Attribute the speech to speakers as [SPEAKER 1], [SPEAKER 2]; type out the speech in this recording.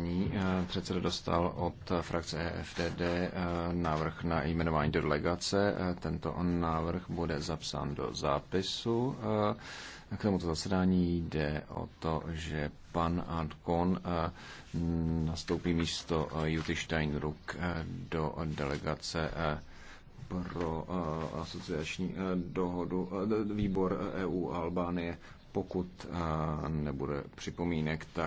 [SPEAKER 1] sdělení eh, předseda dostal od frakce e FTD eh, návrh na jmenování do delegace. Eh, tento návrh bude zapsán do zápisu. K tomuto zasedání jde o to, že pan Antkon nastoupí místo Juty Steinruck do delegace pro asociační dohodu výbor EU e Albánie pokud nebude připomínek, tak